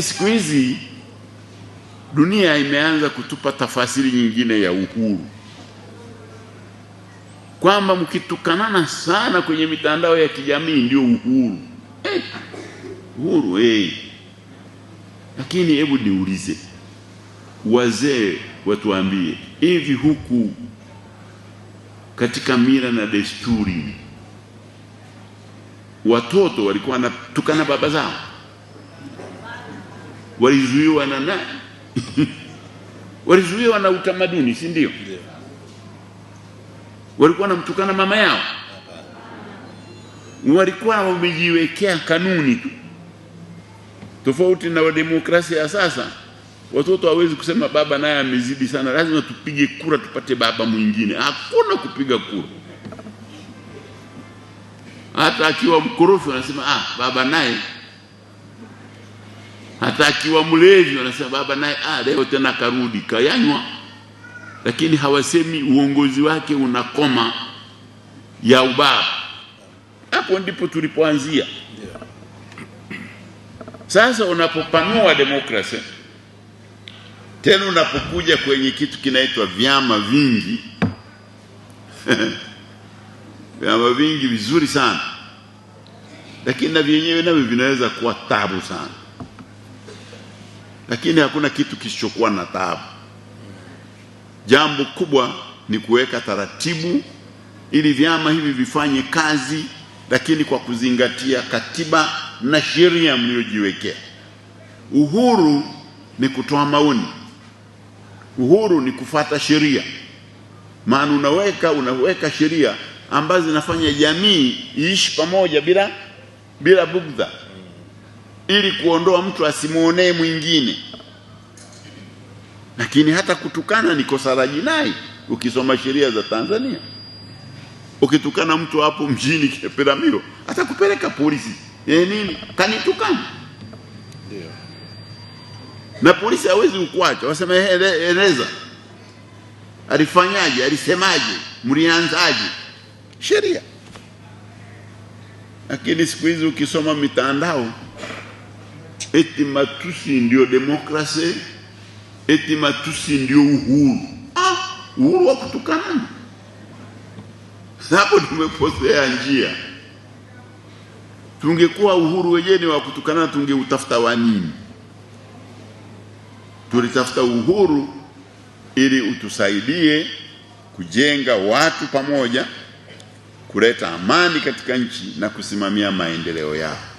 Siku hizi dunia imeanza kutupa tafasiri nyingine ya uhuru, kwamba mkitukanana sana kwenye mitandao ya kijamii ndio uhuru. Eh, uhuru eh. Lakini hebu niulize, wazee watuambie, hivi huku katika mila na desturi watoto walikuwa wanatukana baba zao? walizuiwa na nani? walizuiwa na utamaduni, si ndio? Walikuwa namtukana mama yao? Walikuwa wamejiwekea kanuni tu, tofauti na demokrasia ya sasa. Watoto hawezi kusema baba naye amezidi sana, lazima tupige kura tupate baba mwingine. Hakuna kupiga kura. Hata akiwa mkorofi, wanasema ah, baba naye hata akiwa mlevi wanasema baba naye ah, leo tena karudi kayanywa, lakini hawasemi uongozi wake unakoma ya ubaba. Hapo ndipo tulipoanzia. Sasa unapopanua demokrasia tena, unapokuja kwenye kitu kinaitwa vyama vingi vyama vingi vizuri sana, lakini na vyenyewe navyo vinaweza kuwa tabu sana lakini hakuna kitu kisichokuwa na taabu. Jambo kubwa ni kuweka taratibu ili vyama hivi vifanye kazi, lakini kwa kuzingatia katiba na sheria mliojiwekea. Uhuru ni kutoa maoni, uhuru ni kufata sheria, maana unaweka unaweka sheria ambazo zinafanya jamii iishi pamoja bila bila bugdha ili kuondoa mtu asimuonee mwingine. Lakini hata kutukana ni kosa la jinai, ukisoma sheria za Tanzania. Ukitukana mtu hapo mjini Peramiho atakupeleka polisi. Yeye nini? Kanitukana. Na polisi hawezi kukuacha, wasema eleza alifanyaje, alisemaje, mlianzaje? Sheria. Lakini siku hizi ukisoma mitandao eti matusi ndio demokrasi eti matusi ndio uhuru. Ah, uhuru wa kutukana Hapo tumeposea njia. Tungekuwa uhuru wenyewe wa kutukana tungeutafuta wa nini? Tulitafuta uhuru ili utusaidie kujenga watu pamoja, kuleta amani katika nchi na kusimamia maendeleo yao.